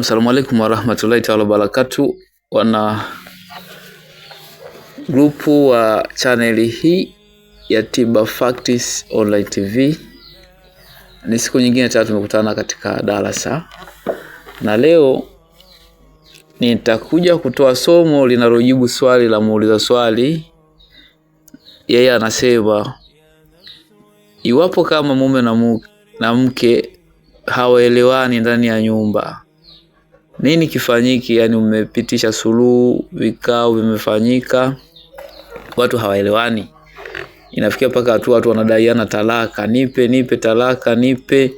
Naam, salamu alaikum warahmatullahi taala wabarakatu, wana grupu wa chaneli hii ya Tiba Facts Online TV. Ni siku nyingine tena tumekutana katika darasa, na leo nitakuja kutoa somo linalojibu swali la muuliza swali. Yeye anasema iwapo kama mume na mke hawaelewani ndani ya nyumba nini kifanyiki? Yani umepitisha suluhu, vikao vimefanyika, watu hawaelewani, inafikia mpaka hatua watu wanadaiana talaka, nipe nipe talaka, nipe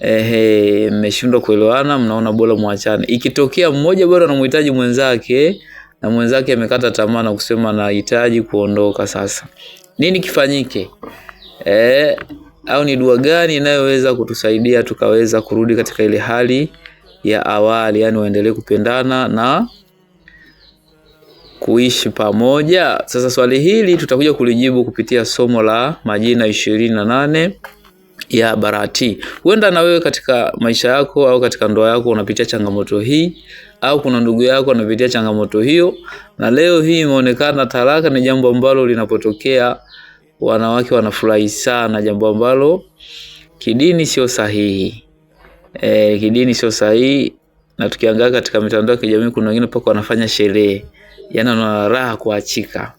ehe, mmeshindwa kuelewana, mnaona bora mwachane. Ikitokea mmoja bado anamhitaji mwenzake na mwenzake amekata tamaa na kusema nahitaji kuondoka sasa, nini kifanyike? E, au ni dua gani inayoweza kutusaidia tukaweza kurudi katika ile hali ya awali, yani waendelee kupendana na kuishi pamoja. Sasa swali hili tutakuja kulijibu kupitia somo la majina ishirini na nane ya barati. Huenda na wewe katika maisha yako au katika ndoa yako unapitia changamoto hii, au kuna ndugu yako anapitia changamoto hiyo, na leo hii imeonekana talaka ni jambo ambalo linapotokea wanawake wanafurahi sana, jambo ambalo kidini sio sahihi e, kidini sio sahihi, na tukiangalia katika mitandao ya kijamii kuna wengine mpaka wanafanya sherehe, yaani wana raha kuachika.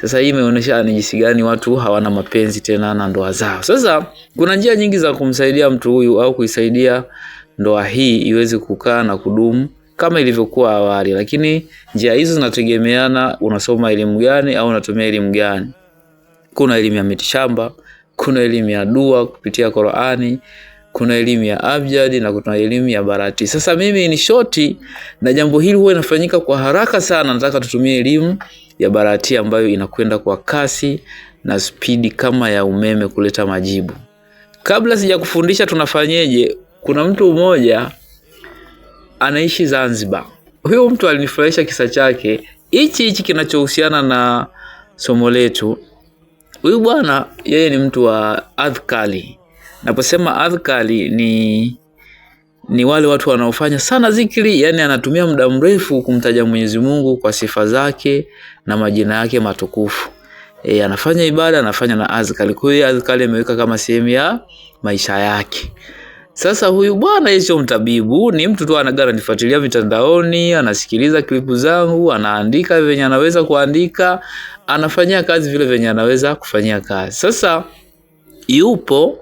Sasa hii imeonyesha ni jinsi gani watu hawana mapenzi tena na ndoa zao. Sasa kuna njia nyingi za kumsaidia mtu huyu au kuisaidia ndoa hii iweze kukaa na kudumu kama ilivyokuwa awali, lakini njia hizo zinategemeana unasoma elimu gani au unatumia elimu gani. Kuna elimu ya mitishamba, kuna elimu ya dua kupitia Qur'ani, kuna elimu ya abjadi na kuna elimu ya barati. Sasa mimi ni shoti na jambo hili huwa inafanyika kwa haraka sana, nataka tutumie elimu ya barati ambayo inakwenda kwa kasi na spidi kama ya umeme kuleta majibu. Kabla sija kufundisha tunafanyeje, kuna mtu mmoja anaishi Zanzibar. Huyo mtu alinifurahisha kisa chake hichi hichi kinachohusiana na somo letu. Huyu bwana yeye ni mtu wa Adhkali Naposema adhkari ni ni wale watu wanaofanya sana zikiri, yani anatumia muda mrefu kumtaja Mwenyezi Mungu kwa sifa zake na majina yake matukufu. E, anafanya ibada, anafanya na azkari. Kwa hiyo azkari ameweka kama sehemu ya maisha yake. Sasa huyu bwana yesho mtabibu ni mtu tu anagara nifuatilia mitandaoni, anasikiliza klipu zangu, anaandika venye anaweza kuandika, anafanyia kazi vile venye anaweza kufanyia kazi. Sasa yupo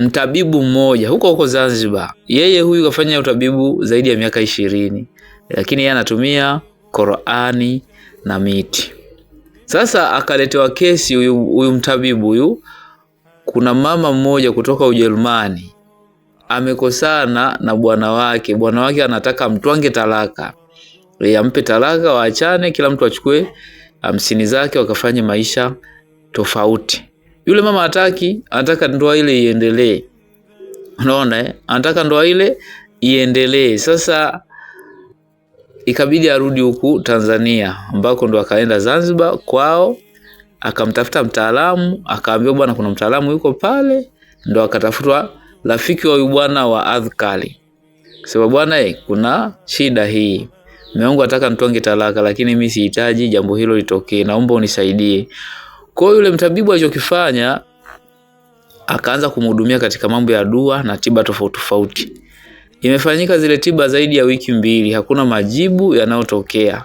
mtabibu mmoja huko huko Zanzibar, yeye huyu kafanya utabibu zaidi ya miaka ishirini, lakini yeye anatumia Qur'ani na miti. Sasa akaletewa kesi huyu mtabibu huyu, kuna mama mmoja kutoka Ujerumani amekosana na bwana wake. Bwana wake anataka mtwange talaka, ampe talaka, waachane, kila mtu achukue hamsini zake, wakafanye maisha tofauti. Yule mama hataki, anataka ndoa ile iendelee. Unaona eh? Anataka ndoa ile iendelee. Sasa ikabidi arudi huku Tanzania ambako ndo akaenda Zanzibar kwao, akamtafuta mtaalamu, akaambiwa bwana, kuna mtaalamu yuko pale, ndo akatafutwa rafiki wa huyu bwana wa adhkari, sema bwana eh, kuna shida hii Mungu ataka nitonge talaka, lakini mimi sihitaji jambo hilo litokee, naomba unisaidie. Kwa hiyo yule mtabibu alichokifanya akaanza kumhudumia katika mambo ya dua na tiba tofauti tofauti. Imefanyika zile tiba zaidi ya wiki mbili, hakuna majibu yanayotokea,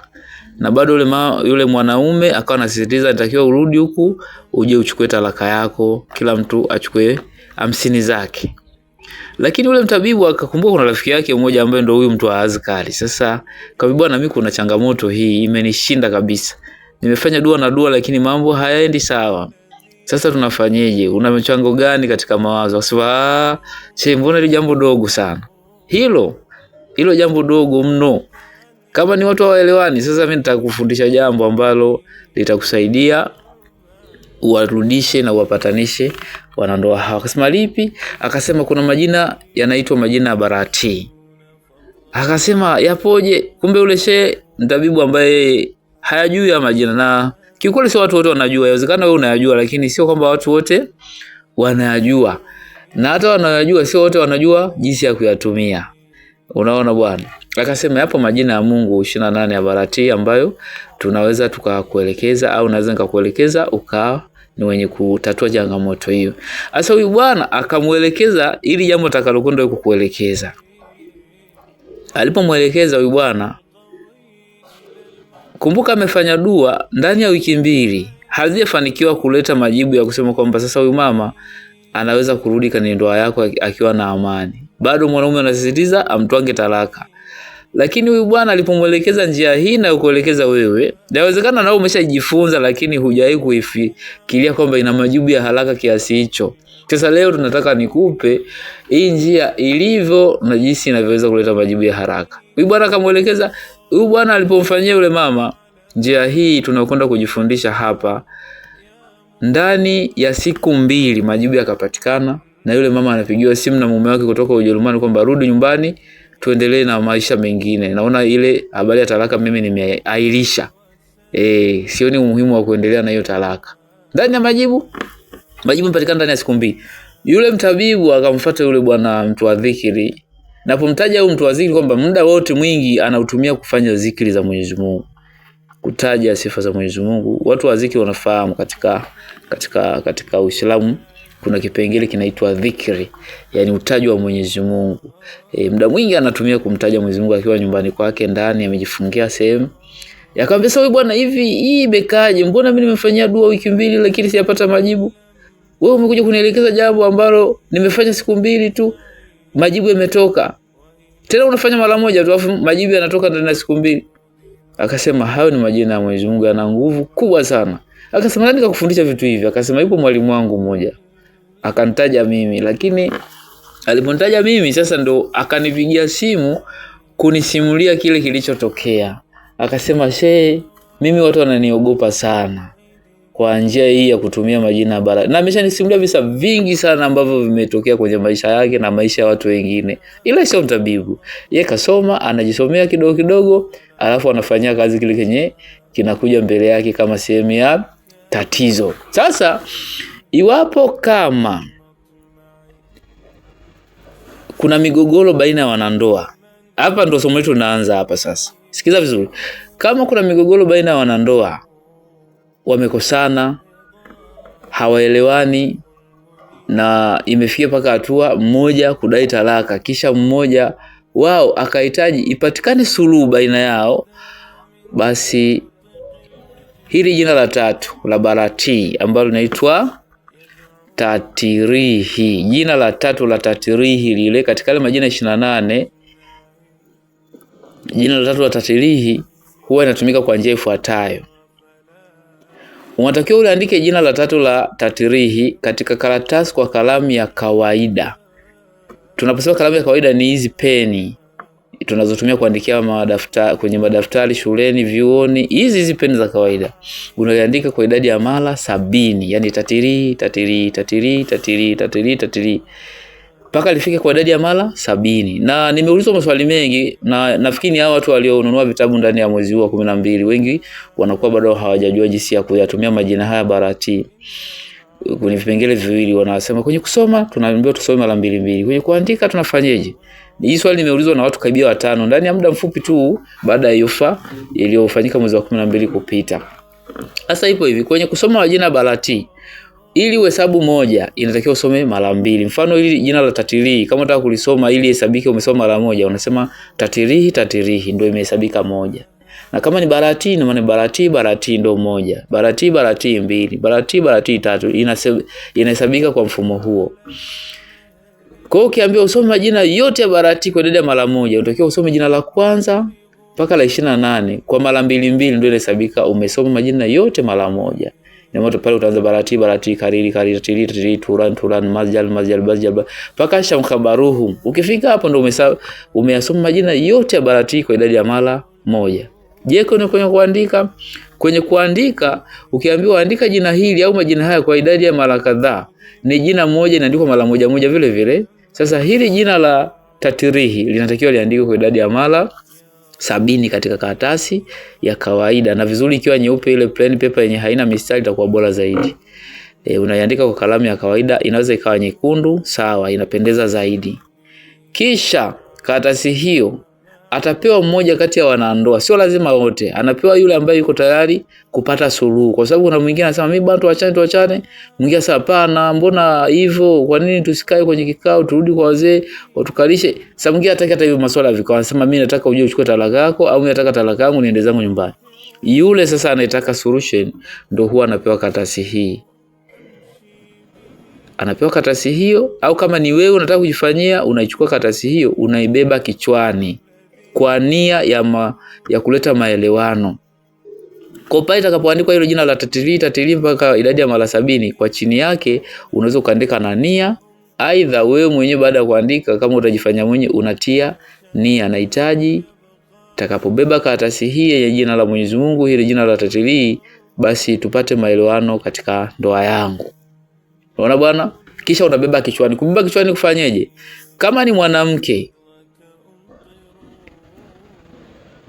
na bado yule, ma, yule mwanaume akawa anasisitiza nitakiwa urudi huku uje uchukue talaka yako, kila mtu achukue hamsini zake. Lakini yule mtabibu akakumbuka kuna rafiki yake mmoja ambaye ndio huyu mtu wa Azkari. Sasa kabibu, na mimi kuna changamoto hii imenishinda kabisa, nimefanya dua na dua, lakini mambo hayaendi sawa. Sasa tunafanyeje? Una mchango gani katika mawazo? Asiwa ah, che, mbona hili jambo dogo sana hilo hilo, jambo dogo mno. Kama ni watu hawaelewani, sasa mimi nitakufundisha jambo ambalo litakusaidia uwarudishe na uwapatanishe wanandoa hawa. Akasema lipi? Akasema kuna majina yanaitwa majina ya barati. Akasema yapoje? Kumbe ule shehe mtabibu ambaye hayajui ya majina, na kiukweli sio watu wote wanajua. Inawezekana wewe unayajua, lakini sio kwamba watu wote wanayajua, na hata wanayajua sio wote wanajua jinsi ya kuyatumia. Unaona bwana, akasema yapo majina ya Mungu ishirini na nane ya barati ambayo tunaweza tukakuelekeza au naweza nikakuelekeza ukawa ni wenye kutatua changamoto hiyo. Sasa huyu bwana akamuelekeza ili jambo atakalokwenda kukuelekeza. Alipomwelekeza huyu bwana Kumbuka amefanya dua ndani ya wiki mbili, hazijafanikiwa kuleta majibu ya kusema kwamba sasa huyu mama anaweza kurudi kwenye ndoa yako akiwa na amani. Bado mwanaume anasisitiza amtwange talaka. Lakini huyu bwana alipomwelekeza njia hii na kuelekeza wewe, inawezekana nao umeshajifunza, lakini hujawahi kuifikiria kwamba ina majibu ya haraka kiasi hicho. Sasa leo tunataka nikupe hii njia ilivyo na jinsi inavyoweza kuleta majibu ya haraka. Huyu bwana akamwelekeza huyu bwana alipomfanyia yule mama, njia hii tunakwenda kujifundisha hapa, ndani ya siku mbili majibu yakapatikana, na yule mama anapigiwa simu na mume wake kutoka Ujerumani kwamba rudi nyumbani tuendelee na maisha mengine. Naona ile habari ya talaka mimi nimeahirisha, eh, sioni umuhimu wa kuendelea na hiyo talaka. Ndani ya majibu majibu yamepatikana ndani ya siku mbili. Yule mtabibu akamfuata yule bwana mtu wa dhikiri Napomtaja huyu mtu wa zikri kwamba muda wote mwingi anautumia kufanya zikri za Mwenyezi Mungu, kutaja sifa za Mwenyezi Mungu. Watu wa zikri wanafahamu katika katika katika Uislamu kuna kipengele kinaitwa dhikri, yani utajwa wa Mwenyezi Mungu. E, muda mwingi anatumia kumtaja Mwenyezi Mungu akiwa nyumbani kwake ndani amejifungia sehemu. Yakamwambia sasa, bwana, hivi hii imekaje? Mbona mimi nimefanyia dua wiki mbili lakini sijapata majibu? Wewe umekuja kunielekeza jambo ambalo nimefanya siku mbili tu majibu yametoka. Tena unafanya mara moja tu afu majibu yanatoka ndani ya siku mbili. Akasema hayo ni majina ya Mwenyezi Mungu, yana nguvu kubwa sana. Akasema nani kakufundisha vitu hivi? Akasema yupo mwalimu wangu mmoja, akanitaja mimi, lakini aliponitaja mimi sasa ndo akanipigia simu kunisimulia kile kilichotokea. Akasema shee, mimi watu wananiogopa sana kwa njia hii ya kutumia majina bara, na ameshanisimulia visa vingi sana ambavyo vimetokea kwenye maisha yake na maisha ya watu wengine, ila sio mtabibu. Ye kasoma, anajisomea kidogo kidogo, alafu anafanyia kazi kile kenye kinakuja mbele yake kama sehemu ya tatizo. Sasa iwapo kama kuna migogoro baina ya wanandoa, hapa ndo somo letu linaanza hapa sasa. Sikiza vizuri, kama kuna migogoro baina ya wanandoa wamekosana, hawaelewani na imefikia mpaka hatua mmoja kudai talaka, kisha mmoja wao akahitaji ipatikane suluhu baina yao, basi hili jina la tatu la barati ambalo linaitwa tatirihi, jina la tatu la tatirihi lile katika yale majina ishirini na nane jina la tatu la tatirihi huwa inatumika kwa njia ifuatayo. Unatakiwa uliandike jina la tatu la tatirihi katika karatasi kwa kalamu ya kawaida. Tunaposema kalamu ya kawaida ni hizi peni tunazotumia kuandikia madaftari, kwenye madaftari shuleni, vyuoni. Hizi hizi peni za kawaida unaliandika kwa idadi ya mara sabini, yani tatirihi tatirihi tatirihi tatirihi tatirihi tatirihi mpaka lifike kwa idadi ya mara sabini. Na nimeulizwa maswali mengi, na nafikiri ni hao watu walionunua vitabu ndani ya mwezi huu wa kumi na mbili wengi wanakuwa bado hawajajua jinsi ya kuyatumia majina haya barati kwenye vipengele viwili. Wanasema kwenye kusoma tunaambiwa tusome mara mbili mbili, kwenye kuandika tunafanyeje? Hii swali limeulizwa na watu karibia watano ndani ya muda mfupi tu baada ya Yufa iliyofanyika mwezi wa kumi na mbili kupita. Sasa ipo hivi kwenye kusoma majina barati ili uhesabu moja inatakiwa usome mara mbili. Mfano hili jina la tatirihi, kama unataka kulisoma ili ihesabike umesoma mara moja, unasema tatirihi tatirihi, ndio imehesabika moja. Na kama ni barati, ina maana barati barati ndio moja, barati barati mbili, barati barati tatu, inahesabika kwa mfumo huo. Kwa hiyo ukiambiwa usome majina yote ya barati kwa dada mara moja, unatakiwa usome jina la kwanza mpaka la ishirini na nane kwa mara mbili mbili, ndio inahesabika umesoma majina yote mara moja moto pale, utaanza barati barati, kariri kariri, tiri tiri, turan turan, majal majal majal paka shamkhabaruhum. Ukifika hapo ndio umeyasoma majina yote ya barati kwa idadi ya mara moja. Je, kuna kwenye kuandika? Kwenye kuandika ukiambiwa andika jina hili au majina haya kwa idadi ya mara kadhaa, ni jina moja inaandikwa mara moja moja vile vile. Sasa hili jina la tatirihi linatakiwa liandikwe kwa idadi ya mara sabini katika karatasi ya kawaida, na vizuri ikiwa nyeupe, ile plain paper yenye haina mistari itakuwa bora zaidi. E, unaiandika kwa kalamu ya kawaida, inaweza ikawa nyekundu, sawa, inapendeza zaidi. Kisha karatasi hiyo atapewa mmoja kati ya wanandoa, sio lazima wote. Anapewa yule ambaye yuko tayari kupata suluhu, kwa sababu kuna mwingine anasema mimi bwana, tuachane tuachane. Mwingine sasa, hapana, mbona hivyo? Kwa nini tusikae kwenye kikao, turudi kwa wazee watukalishe? Sasa mwingine hataki hata hivyo masuala ya vikao, anasema mimi nataka uje uchukue talaka yako, au mimi nataka talaka yangu niende zangu nyumbani. Yule sasa anayetaka solution ndio huwa anapewa karatasi hii anapewa karatasi hiyo, au kama ni wewe unataka kujifanyia, unaichukua karatasi hiyo, unaibeba kichwani kwa nia ya, ma, ya kuleta maelewano. Kwa pale itakapoandikwa hilo jina la tatili tatili mpaka idadi ya mara sabini kwa chini yake unaweza ukaandika na nia. Aidha wewe mwenyewe baada ya kuandika, kama utajifanya mwenye unatia nia, nahitaji takapobeba karatasi hii yenye jina la Mwenyezi Mungu, hili jina la tatili, basi tupate maelewano katika ndoa yangu. Unaona bwana, kisha unabeba kichwani. Kubeba kichwani kufanyeje? Kama ni mwanamke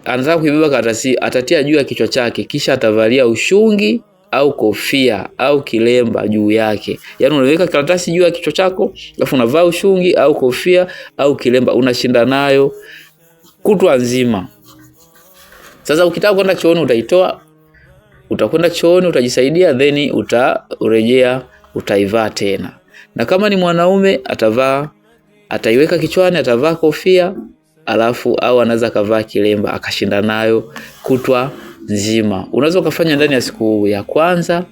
anataka kuibeba karatasi, atatia juu ya kichwa chake, kisha atavalia ushungi au kofia au kilemba juu yake. Yaani unaweka karatasi juu ya kichwa chako, alafu unavaa ushungi au kofia au kilemba, unashinda nayo kutwa nzima. Sasa ukitaka kwenda chooni utaitoa, utakwenda chooni, utajisaidia, then utarejea, utaivaa tena. Na kama ni mwanaume atavaa, ataiweka kichwani, atavaa kofia alafu au anaweza akavaa kilemba akashinda nayo kutwa nzima. Unaweza ukafanya ndani ya siku ya kwanza,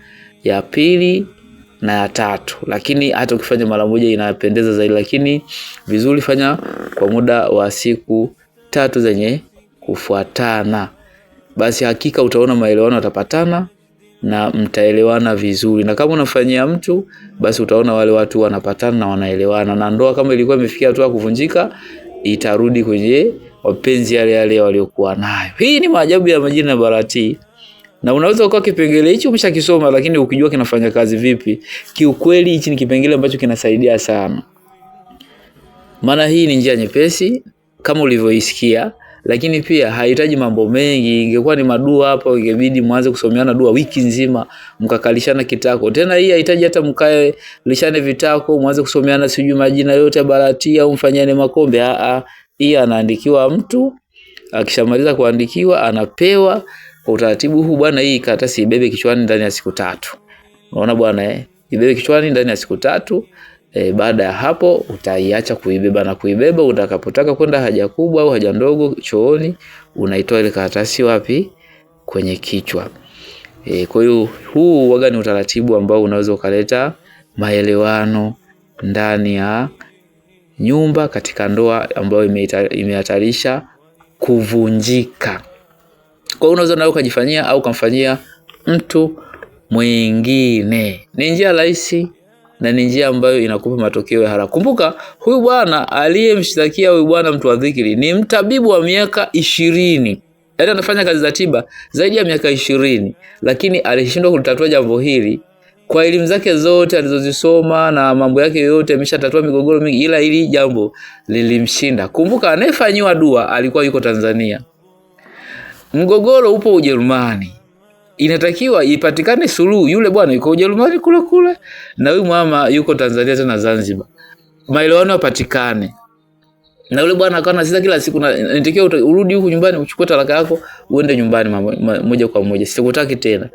ya pili na ya tatu, lakini hata ukifanya mara moja inapendeza zaidi, lakini vizuri fanya kwa muda wa siku tatu zenye kufuatana. Basi hakika utaona maelewano yatapatana na mtaelewana vizuri, na kama unafanyia mtu basi utaona wale watu wanapatana na wanaelewana, na ndoa kama ilikuwa imefikia hatua ya kuvunjika itarudi kwenye wapenzi yale yale waliokuwa nayo. Hii ni maajabu ya majina ya barati, Na unaweza ukawa kipengele hicho umeshakisoma lakini ukijua kinafanya kazi vipi. Kiukweli hichi ni kipengele ambacho kinasaidia sana. Maana hii ni njia nyepesi kama ulivyoisikia lakini pia hahitaji mambo mengi. Ingekuwa ni madua hapo, ingebidi mwanze kusomeana dua wiki nzima, mkakalishana kitako. Tena hii hahitaji hata mkae lishane vitako, mwanze kusomeana sijui majina yote ya barati au mfanyane makombe. A, hii anaandikiwa mtu, akishamaliza kuandikiwa anapewa. Kwa utaratibu huu bwana, hii karatasi ibebe kichwani ndani ya siku tatu. Unaona bwana eh, ibebe kichwani ndani ya siku tatu. E, baada ya hapo utaiacha kuibeba na kuibeba, utakapotaka kwenda haja kubwa au haja ndogo chooni, unaitoa ile karatasi wapi? Kwenye kichwa. E, kwa hiyo huu waga ni utaratibu ambao unaweza ukaleta maelewano ndani ya nyumba katika ndoa ambayo imehatarisha kuvunjika. Kwa hiyo unaweza nao ukajifanyia au ukamfanyia mtu mwingine. Ni njia rahisi na ni njia ambayo inakupa matokeo ya haraka. Kumbuka huyu bwana aliyemshtakia huyu bwana mtu wa dhikiri ni mtabibu wa miaka ishirini, yaani anafanya kazi za tiba zaidi ya miaka ishirini, lakini alishindwa kulitatua jambo hili kwa elimu zake zote alizozisoma na mambo yake yote, ameshatatua migogoro mingi, ila hili jambo lilimshinda. Kumbuka anayefanyiwa dua alikuwa yuko Tanzania, mgogoro upo Ujerumani inatakiwa ipatikane suluhu. Yule bwana yuko Ujerumani kule kule na huyu mama yuko Tanzania tena Zanzibar, maelewano yapatikane. Na yule bwana akawa anasema kila siku na natakiwa urudi huku nyumbani uchukue talaka yako uende nyumbani mama, ma, moja kwa moja sikutaki tena.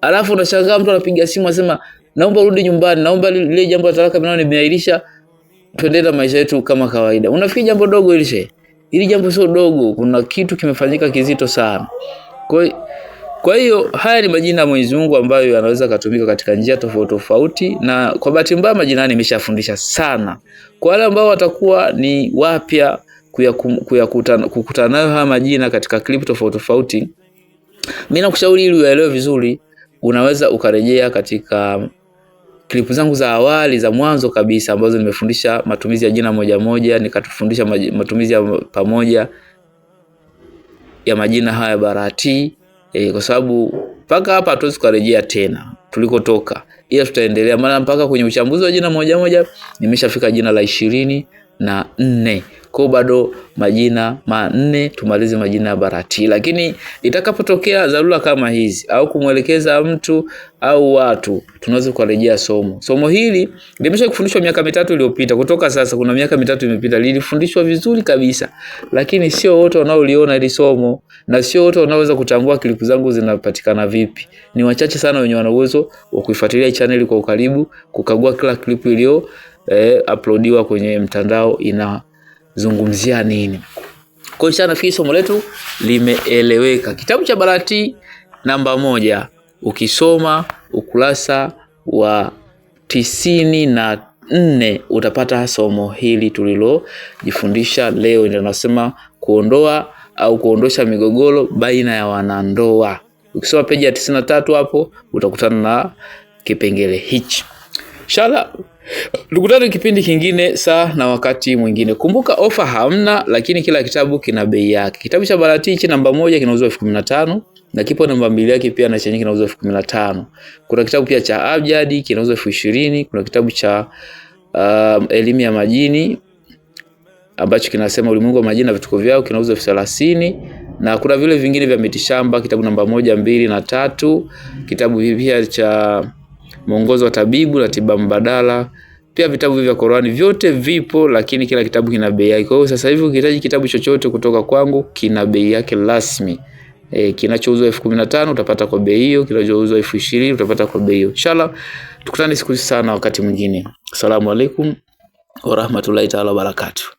Alafu unashangaa mtu anapiga simu anasema naomba urudi nyumbani, naomba lile jambo la talaka mimi nimeahirisha, tuendelee na maisha yetu kama kawaida. Unafikiri jambo dogo ile? Ili jambo sio dogo, kuna kitu kimefanyika kizito sana. Kwa kwa hiyo haya ni majina ya Mwenyezi Mungu ambayo yanaweza kutumika katika njia tofauti tofauti, na kwa bahati mbaya majina haya nimeshafundisha sana kwa wale ambao watakuwa ni wapya kukutana nayo haya majina katika clip tofauti tofauti. Mimi nakushauri ili uelewe vizuri, unaweza ukarejea katika klipu zangu za awali za mwanzo kabisa ambazo nimefundisha matumizi ya jina moja moja, nikatufundisha matumizi ya pamoja ya majina haya Barati e, kwa sababu mpaka hapa hatuwezi kurejea tena tulikotoka, ila tutaendelea, maana mpaka kwenye uchambuzi wa jina moja moja nimeshafika jina la ishirini na nne. Kwa bado majina manne tumalize majina ya barati. Lakini itakapotokea dharura kama hizi au kumwelekeza mtu au watu, tunaweza kurejea somo. Somo hili limesha kufundishwa miaka mitatu iliyopita. Kutoka sasa kuna miaka mitatu imepita, lilifundishwa vizuri kabisa. Lakini sio wote wanaoliona hili somo na sio wote wanaoweza kutambua klipu zangu zinapatikana vipi. Ni wachache sana wenye wana uwezo wa kuifuatilia channel kwa ukaribu, kukagua kila klipu iliyo eh, uploadiwa kwenye mtandao ina zungumzia nini. Kwa hiyo nafikiri somo letu limeeleweka. Kitabu cha Barati namba moja, ukisoma ukurasa wa tisini na nne utapata somo hili tulilojifundisha leo, ndio nasema kuondoa au kuondosha migogoro baina ya wanandoa. Ukisoma peji ya tisini na tatu hapo utakutana na kipengele hichi shala Tukutane kipindi kingine, saa na wakati mwingine. Kumbuka ofa hamna, lakini kila kitabu kina bei yake. Kitabu cha Baratichi namba moja kinauzwa elfu kumi na tano na kipo namba mbili yake pia na chenye kinauzwa elfu kumi na tano. Kuna kitabu pia cha Abjadi kinauzwa elfu ishirini. Kuna kitabu cha uh, elimu ya majini ambacho kinasema ulimwengu wa majini na vituko vyao kinauzwa elfu thelathini na kuna vile vingine vya mitishamba, kitabu namba moja, mbili na tatu, kitabu pia cha mwongozo wa tabibu na tiba mbadala. Pia vitabu vya Qur'ani vyote vipo, lakini kila kitabu kina bei yake. Kwa hiyo sasa hivi ukihitaji kitabu chochote kutoka kwangu kina bei yake rasmi. E, kinachouzwa elfu kumi na tano utapata kwa bei hiyo, kinachouzwa elfu ishirini utapata kwa bei hiyo. Inshallah tukutane siku sana wakati mwingine. Asalamu alaikum warahmatullahi taala wabarakatuh.